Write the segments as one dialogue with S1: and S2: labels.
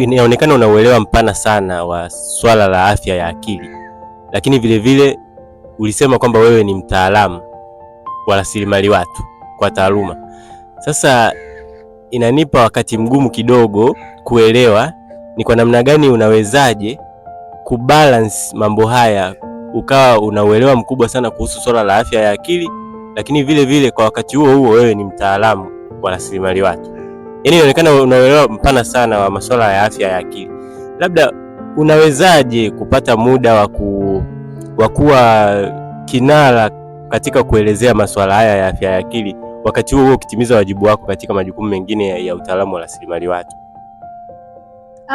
S1: Inaonekana una uelewa mpana sana wa swala la afya ya akili, lakini vilevile vile, ulisema kwamba wewe ni mtaalamu wa rasilimali watu kwa taaluma. Sasa inanipa wakati mgumu kidogo kuelewa ni kwa namna gani unawezaje kubalance mambo haya ukawa una uelewa mkubwa sana kuhusu swala la afya ya akili, lakini vile vile kwa wakati huo huo wewe ni mtaalamu wa rasilimali watu yani inaonekana unaelewa mpana sana wa masuala ya afya ya akili. Labda unawezaje kupata muda wa ku wa kuwa kinara katika kuelezea masuala haya ya afya ya akili, wakati huo huo ukitimiza wajibu wako katika majukumu mengine ya, ya utaalamu wa rasilimali watu?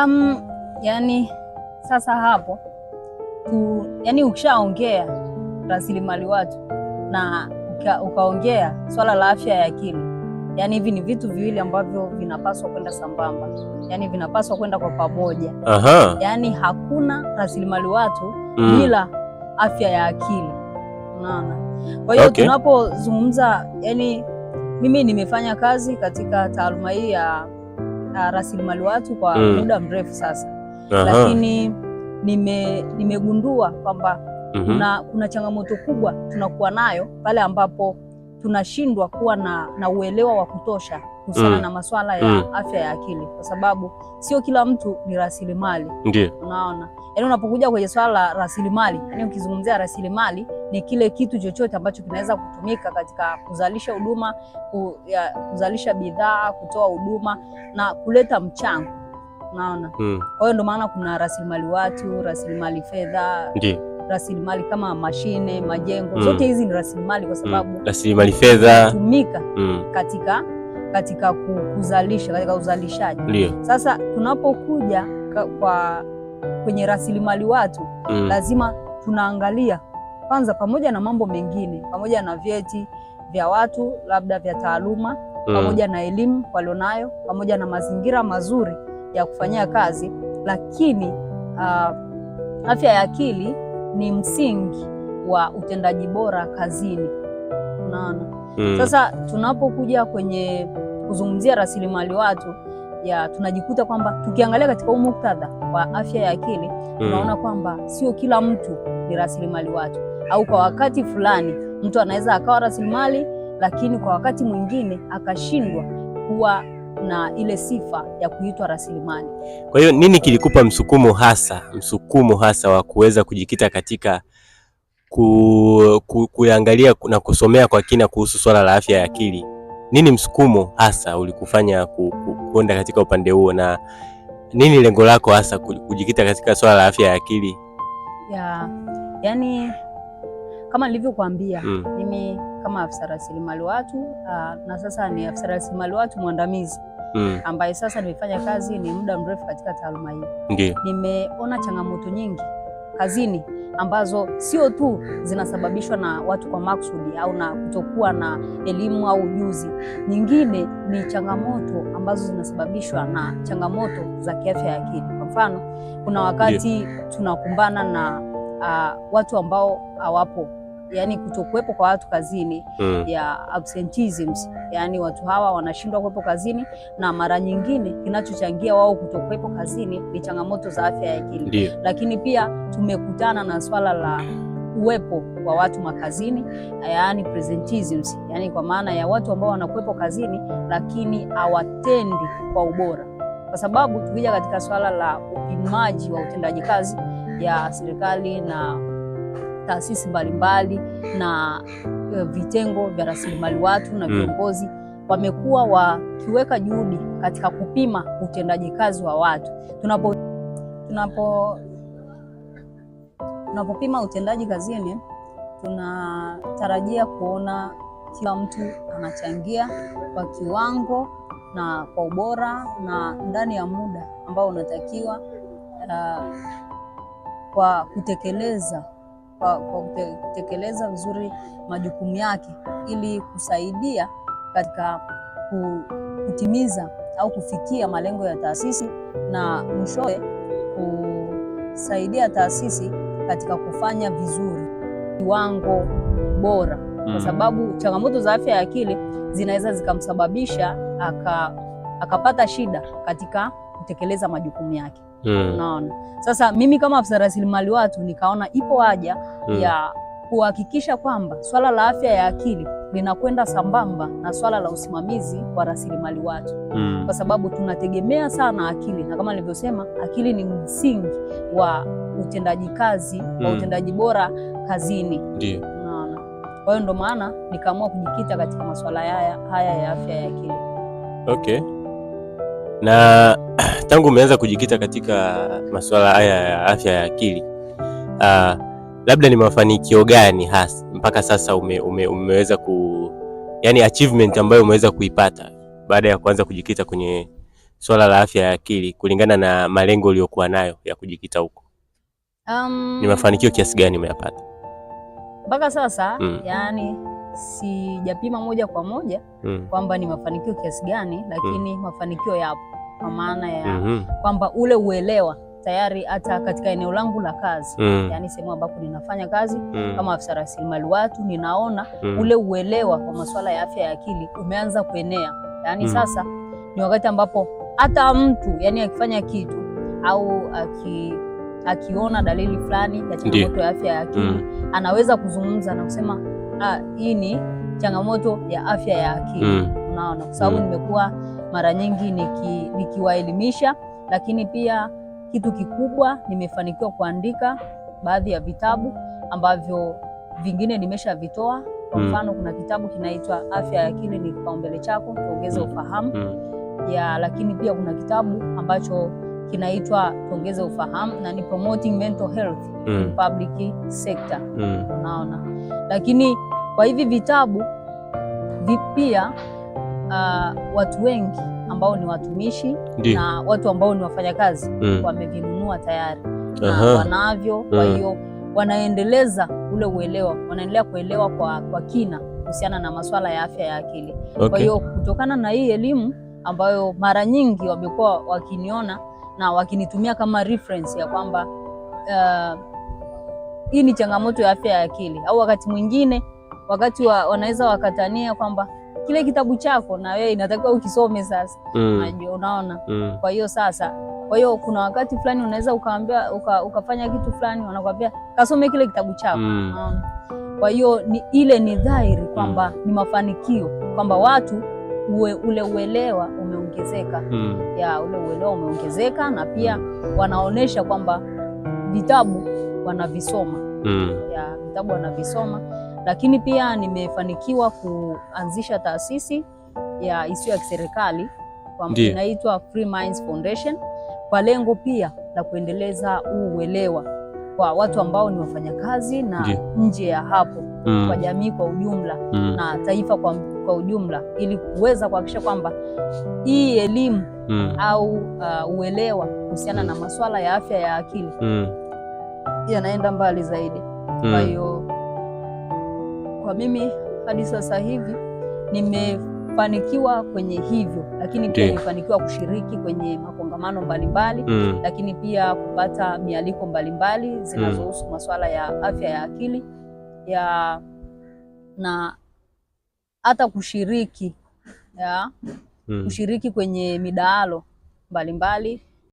S2: Um, yani sasa hapo tu, yani ukishaongea rasilimali watu na ukaongea uka swala la afya ya akili Yaani hivi ni vitu viwili ambavyo vinapaswa kwenda sambamba, yaani vinapaswa kwenda kwa pamoja. Aha. Yaani hakuna rasilimali watu mm. bila afya ya akili, unaona. Kwa hiyo okay. tunapozungumza yani, mimi nimefanya kazi katika taaluma hii ya rasilimali watu kwa mm. muda mrefu sasa. Aha. Lakini nime nimegundua kwamba mm -hmm. kuna changamoto kubwa tunakuwa nayo pale ambapo tunashindwa kuwa na, na uelewa wa kutosha kuhusiana mm. na masuala ya mm. afya ya akili, kwa sababu sio kila mtu ni rasilimali. Ndio unaona, yaani unapokuja kwenye swala la rasilimali, yaani ukizungumzia rasilimali ni kile kitu chochote ambacho kinaweza kutumika katika kuzalisha huduma, kuzalisha bidhaa, kutoa huduma na kuleta mchango, unaona mm. kwa hiyo ndio maana kuna rasilimali watu, rasilimali fedha, ndio rasilimali kama mashine, majengo mm. zote hizi ni rasilimali kwa mm. sababu mm.
S1: rasilimali fedha
S2: tumika mm. katika katika kuzalisha katika uzalishaji. Sasa tunapokuja kwa kwenye rasilimali watu mm. lazima tunaangalia kwanza, pamoja na mambo mengine, pamoja na vyeti vya watu labda vya taaluma mm. pamoja na elimu walionayo, pamoja na mazingira mazuri ya kufanyia kazi, lakini uh, afya ya akili ni msingi wa utendaji bora kazini. Unaona mm. Sasa tunapokuja kwenye kuzungumzia rasilimali watu ya tunajikuta kwamba tukiangalia katika huu muktadha wa afya ya akili mm. tunaona kwamba sio kila mtu ni rasilimali watu, au kwa wakati fulani mtu anaweza akawa rasilimali, lakini kwa wakati mwingine akashindwa kuwa na ile sifa ya kuitwa rasilimali.
S1: Kwa hiyo nini kilikupa msukumo hasa msukumo hasa wa kuweza kujikita katika ku, ku, kuangalia na kusomea kwa kina kuhusu swala la afya ya akili? Nini msukumo hasa ulikufanya kuenda katika upande huo, na nini lengo lako hasa kujikita katika swala la afya ya akili?
S2: Ya, yani kama nilivyokuambia mm. mimi mm kama afisa rasilimali watu ah, na sasa ni afisa rasilimali watu mwandamizi mm. ambaye sasa nimefanya kazi ni muda mrefu katika taaluma
S1: hii.
S2: Nimeona changamoto nyingi kazini ambazo sio tu zinasababishwa na watu kwa makusudi au na kutokuwa na elimu au ujuzi. Nyingine ni changamoto ambazo zinasababishwa na changamoto za kiafya ya akili. Kwa mfano, kuna wakati yeah. tunakumbana na uh, watu ambao hawapo yani kutokuwepo kwa watu kazini mm. ya absenteeism, yani watu hawa wanashindwa kuwepo kazini, na mara nyingine kinachochangia wao kutokuwepo kazini ni changamoto za afya ya akili, lakini pia tumekutana na swala la uwepo wa watu makazini, yaani presenteeism, yani kwa maana ya watu ambao wanakuwepo kazini lakini hawatendi kwa ubora, kwa sababu tukija katika swala la upimaji wa utendaji kazi ya serikali na taasisi mbalimbali na eh, vitengo vya rasilimali watu na mm. viongozi wamekuwa wakiweka juhudi katika kupima utendaji kazi wa watu. Tunapo, tunapo, tunapopima utendaji kazini tunatarajia kuona kila mtu anachangia kwa kiwango na kwa ubora na ndani ya muda ambao unatakiwa uh, kwa kutekeleza kwa, kwa kutekeleza vizuri majukumu yake ili kusaidia katika kutimiza au kufikia malengo ya taasisi na mwishowe kusaidia taasisi katika kufanya vizuri kiwango bora, kwa mhm. sababu changamoto za afya ya akili zinaweza zikamsababisha aka, akapata shida katika kutekeleza majukumu yake mm. Unaona, sasa mimi kama afisa rasilimali watu nikaona ipo haja mm. ya kuhakikisha kwamba swala la afya ya akili linakwenda sambamba na swala la usimamizi wa rasilimali watu mm. kwa sababu tunategemea sana akili, na kama nilivyosema, akili ni msingi wa utendaji kazi mm. wa utendaji bora kazini Unaona, kwa hiyo ndo maana nikaamua kujikita katika masuala haya haya ya afya ya akili
S1: okay na tangu umeanza kujikita katika masuala haya ya afya ya akili uh, labda ni mafanikio gani hasa mpaka sasa ume, ume, umeweza ku yani achievement ambayo umeweza kuipata baada ya kuanza kujikita kwenye swala la afya ya akili kulingana na malengo uliyokuwa nayo ya kujikita huko? Um, ni mafanikio kiasi gani umeyapata
S2: mpaka sasa? Mm. Yani sijapima moja kwa moja mm, kwamba ni mafanikio kiasi gani, lakini mm, mafanikio yapo kwa maana ya mm -hmm. kwamba ule uelewa tayari hata katika eneo langu la kazi mm. yani sehemu ambapo ninafanya kazi mm. kama afisa rasilimali watu ninaona mm. ule uelewa kwa masuala ya afya ya akili umeanza kuenea yani mm. Sasa ni wakati ambapo hata mtu yani akifanya kitu au aki, akiona dalili fulani ya changamoto ya afya ya akili mm. anaweza kuzungumza na kusema ah, hii ni changamoto ya afya ya akili mm maono, kwa sababu mm. nimekuwa mara nyingi nikiwaelimisha niki, lakini pia kitu kikubwa nimefanikiwa kuandika baadhi ya vitabu ambavyo vingine nimeshavitoa. Kwa mm. mfano, kuna kitabu kinaitwa Afya ya Akili ni Kipaumbele Chako, Tuongeze mm. Ufahamu ya, lakini pia kuna kitabu ambacho kinaitwa Tuongeze Ufahamu na ni promoting mental health mm. in public sector mm. Unaona, lakini kwa hivi vitabu pia uh, watu wengi ambao ni watumishi Ndi. na watu ambao ni wafanyakazi mm. wamevinunua tayari na wanavyo, kwa mm. hiyo wanaendeleza ule uelewa, wanaendelea kuelewa kwa, kwa kina kuhusiana na masuala ya afya ya akili okay. Kwa hiyo kutokana na hii elimu ambayo mara nyingi wamekuwa wakiniona na wakinitumia kama reference ya kwamba uh, hii ni changamoto ya afya ya akili, au wakati mwingine wakati wa, wanaweza wakatania kwamba kile kitabu chako na wewe inatakiwa ukisome sasa. Mm. Unajua, unaona. Mm. Kwa hiyo sasa, kwa hiyo kuna wakati fulani unaweza ukaambia uka, ukafanya kitu fulani wanakuambia kasome kile kitabu chako.
S1: Mm. Unaona.
S2: Kwa hiyo ni, ile ni dhahiri kwamba mm. ni mafanikio kwamba watu uwe, ule uelewa umeongezeka mm. ya ule uelewa umeongezeka na pia wanaonesha kwamba vitabu wanavisoma mm. ya vitabu wanavisoma lakini pia nimefanikiwa kuanzisha taasisi ya isiyo ya kiserikali inaitwa Free Minds Foundation kwa lengo pia la kuendeleza huu uelewa kwa watu ambao ni wafanyakazi na nje ya hapo mm. kwa jamii kwa ujumla mm. na taifa kwa, kwa ujumla ili kuweza kuhakikisha kwamba hii elimu mm. au uh, uelewa kuhusiana na mm. masuala ya afya ya akili mm. yanaenda mbali zaidi. Kwa mm. hiyo kwa mimi hadi sasa hivi nimefanikiwa kwenye hivyo, lakini pia nimefanikiwa kushiriki kwenye makongamano mbalimbali mm. lakini pia kupata mialiko mbalimbali zinazohusu mm. masuala ya afya ya akili ya na hata kushiriki ya, mm. kushiriki kwenye midaalo mbalimbali